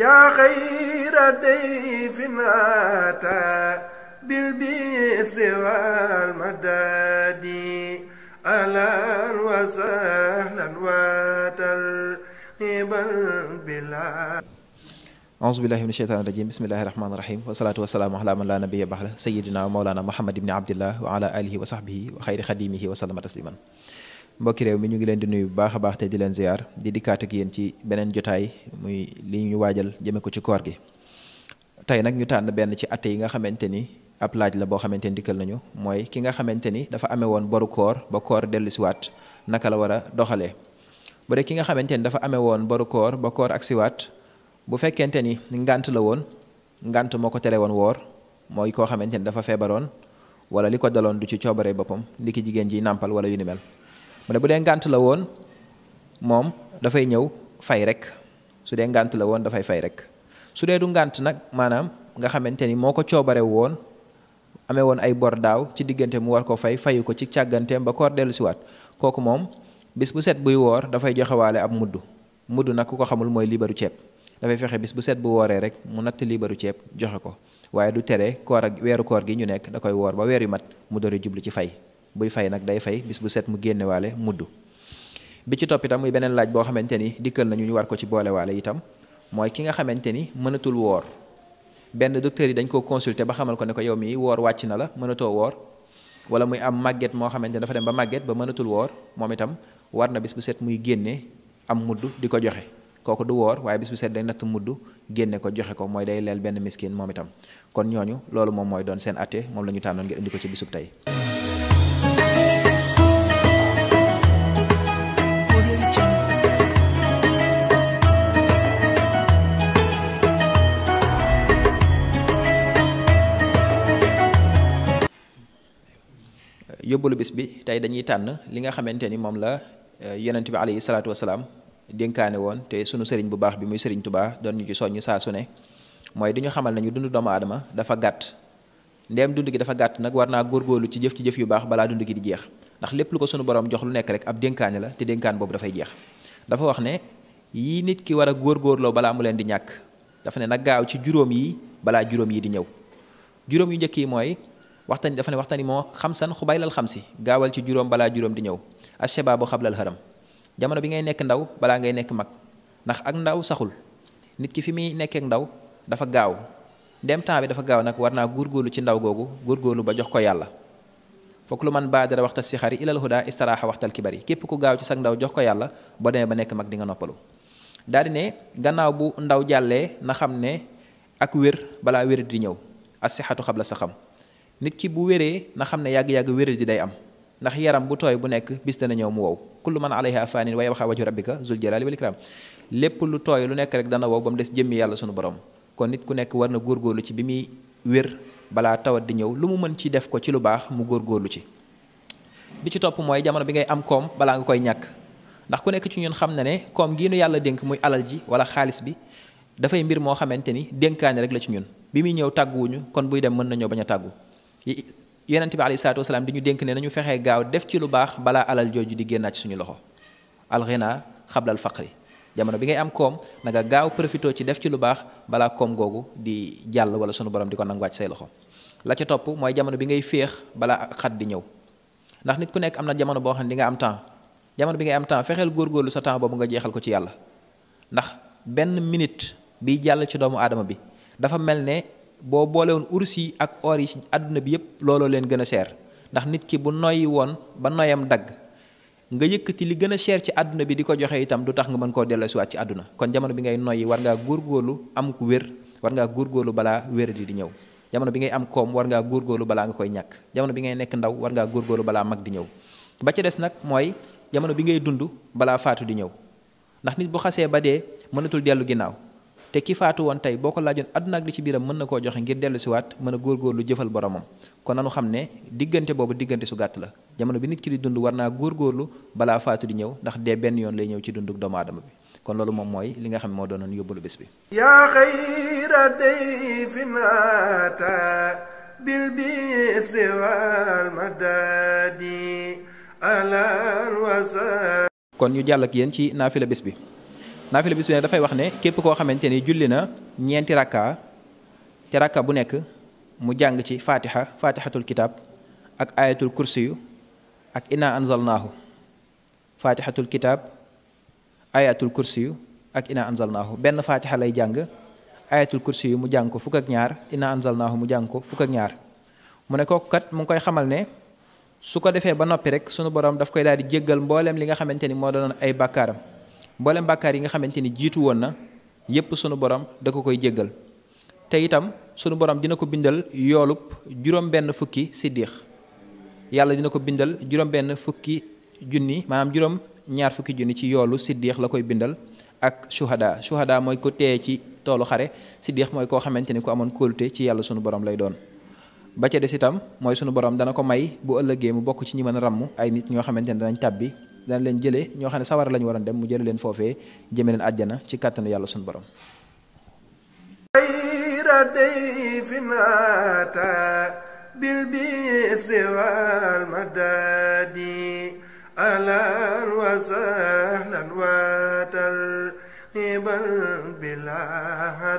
yaa xayra dayfin ataa bil bisri wal madadi ahlan wa sahlan wa tarhiban bilaa auzu billahi min sheytaani rajim bismillahi rahmaani rahim wasalaatu wasalaamu ala man laa nabiya baxla sayidina wa mawlana muhammad ibni abdillah wa ala alihi wa sahbihi wa xayri xadimihi wa sallama tasliman mbokki réew mi ñu ngi leen di nuyu bu baax a te di leen ziar di dikkaat ak yéen ci beneen jotaay muy li ñu waajal jëme ko ci koor gi tey nag ñu tànn benn ci atte yi nga xamante ni ab laaj la boo xamante ni dikkal nañu mooy ki nga xamante ni dafa amee woon boru koor ba koor dellusiwaat naka la war a doxalee bu dee ki nga xamante ni dafa amee woon baru koor ba koor ak siwaat bu fekkente ni ngànt la woon ngànt moo ko tere woon woor mooy koo xamante ni dafa feebaroon wala li ko daloon du ci coobaree boppam li ki jigéen ji nàmpal wala yu mel mu ne bu dee ngànt la woon moom dafay ñëw fay rek su dee ngànt la woon dafay fay rek su dee du ngànt nag maanaam nga xamante ni moo ko coobare woon amee woon ay bor daaw ci diggante mu war koo fay fayu ko ci càgganteem ba koor dellu siwaat kooku moom bis bu set buy woor dafay joxewaale ab mudd mudd nag ku ko xamul mooy libaru ceeb dafay fexe bis bu set bu wooree rek mu natt liibaru ceeb joxe ko waaye du tere koor ak weeru koor gi ñu nekk da koy woor ba weer yu mat mu dori jublu ci fay buy fay nag day fay bis bu set mu génne waale mudd bi ci topp itam muy beneen laaj boo xamante ni dikkal nañu ñu war ko ci boole boolewaale itam mooy ki nga xamante ni mënatul woor benn docteur yi dañ koo consulter ba xamal ko ne ko yow mii woor wàcc na la mënatoo woor wala muy am màgget moo xamante ne dafa dem ba màgget ba mënatul woor moom itam war na bis bu set muy génne am mudd di ko joxe kooku du woor waaye bis bu set day natt mudd génne ko joxe ko mooy day leel benn miskin moom itam kon ñooñu loolu moom mooy doon seen moom la ñu tànnoon indi ko ci bisub tey yóbbalu bis bi tey dañuy tànn li nga xamante ni moom la euh, yonent bi alayhi salaatu wasalaam dénkaane woon te sunu sëriñ bu baax bi muy sëriñ tubaa doon ñu ci soññu saa su ne mooy di ñu xamal nañu dund doomu aadama dafa gàtt ndeem dund gi dafa gàtt nag war naa góor góorgóorlu ci jëf ci jëf yu baax balaa dund gi di jeex ndax lépp lu ko sunu borom jox lu nekk rek ab dénkaane la te dénkaan boobu dafay jeex dafa wax ne yii nit ki war a góor góorloo balaa mu leen di ñàkk dafa ne nag gaaw ci juróom yi balaa juróom yi di ñëw njëkk mooy waxtaan dafa ne waxtaan yi moo xam san lal xam si gaawal ci juróom balaa juróom di ñëw ashababu xablal haram jamono bi ngay nekk ndaw balaa ngay nekk mag ndax ak ndaw saxul nit ki fi muy nekkee ndaw dafa gaaw dem temps bi dafa gaaw nag war naa góorgóorlu ci ndaw googu góorgóorlu ba jox ko yàlla fokk lu man baadara waxta sixari ilal huda istaraaxa waxtal kibari képp ku gaaw ci sag ndaw jox ko yàlla boo demee ba nekk mag di nga noppalu daal di ne gannaaw bu ndaw jàllee na xam ne ak wér balaa wér di ñëw as sixatu xabla sa xam nit ki bu wéree na xam ne yàgg-yàgg wéré di day am ndax yaram bu tooy bu nekk bis dana ñëw mu wow kullu man fan fanin wa yabqa wajhu rabbika zul jalali wal ikram lépp lu tooy lu nekk rek dana wow ba mu des jëmmi yàlla sunu borom kon nit ku nekk war na góorgóorlu ci bi muy wér balaa tawat di ñëw lu mu mën ci def ko ci lu baax mu góorgóorlu ci bi ci topp mooy jamono bi ngay am koom balaa nga koy ñàkk ndax ku nekk ci ñun xam na ne koom gii nu yàlla dénk muy alal ji wala xaalis bi dafay mbir moo xamante ni dénkaane rek la ci ñun bi muy ñëw tàgguwuñu kon buy dem mën na bañ a tàggu yonent bi alayhi salaatu wasalaam di ñu dénk ne nañu fexee gaaw def ci lu baax balaa alal jooju di génnaat ci suñu loxo alxina xablal faqri jamono bi ngay am koom na nga gaaw profité ci def ci lu baax balaa koom googu di jàll wala sunu borom di ko nanguwaat say loxo la ca topp mooy jamono bi ngay féex balaa xat di ñëw ndax nit ku nekk am na jamono boo xam ne di nga am temps jamono bi ngay am temps fexeel góorgóorlu sa temps boobu nga jeexal ko ci yàlla ndax benn minute bi jàll ci doomu aadama bi boo boole woon urus yi ak or yi ci àdduna bi yëpp looloo leen gën a seer ndax nit ki bu noyyi woon ba noyam dagg nga yëkkati li gën a seer ci àdduna bi di ko joxe itam du tax nga mën koo delloosiwaat ci àdduna kon jamono bi ngay noyyi war ngaa góorgóorlu am ku wér war ngaa góorlu balaa wér di di ñëw jamono bi ngay am koom war ngaa góorgóorlu balaa nga koy ñàkk jamono bi ngay nekk ndaw war ngaa góorgóorlu balaa mag di ñëw ba ca des nag mooy jamono bi ngay dund balaa faatu di ñëw ndax nit bu xasee ba dee mënatul dellu ginnaaw te ki faatu woon tey boo ko laajoon àdduna li ci biiram mën na koo joxe ngir dellu siwaat mën a góorgóorlu jëfal boromam kon nanu xam ne diggante boobu diggante su gàtt la jamono bi nit ki di dund war naa góorgóorlu balaa faatu di ñëw ndax dee benn yoon lay ñëw ci dunduk doomu bi kon loolu moom mooy li nga xam ne moo doonoon yóbbalu bés bi yaa xayra dayfin ata bil bisri wal madadi alal wasa kon ñu jàll ak yéen ci naafila bés bi naafila bis bi nag dafay wax ne képp koo xamante ni julli na ñeenti ràkka te rakka bu nekk mu jàng ci fatiha fatihatul kitab ak ayatul kursiyu ak inna anzalnaahu fatihatul kitab ayatul kursiyu ak inna anzalnaahu benn fatiha lay jàng ayatul yu mu jàng ko fukk ak ñaar inna anzalnaahu mu jàng ko fukk ak ñaar mu ne kooku kat mu ngi koy xamal ne su ko defee ba noppi rek sunu borom daf koy daal di jéggal mbooleem li nga xamante ni moo doon ay bàkkaaram mboole bàkkaar yi nga xamante ni jiitu woon na yépp sunu borom da ko koy jéggal te itam sunu borom dina ko bindal yoolub juróom-benn fukki siddiix yàlla dina ko bindal juróom-benn fukki junni maanaam juróom ñaar fukki junni ci yoolu siddiix la koy bindal ak shuhada shuhada mooy ko teye ci toolu xare siddiix mooy koo xamante ni ku amoon kóolute ci yàlla sunu borom lay doon. ba ca des itam mooy sunu borom dana ko may bu ëllëgee mu bokk ci ñi mën a ràmm ay nit ñoo xamante ne danañ tàbbi dana leen jëlee ñoo xam ne sawara lañu ñu waroon dem mu jële leen foofee jëme leen àjjana ci kàttanu yàlla sunu borom أهلا وسهلا وترحيبا بلا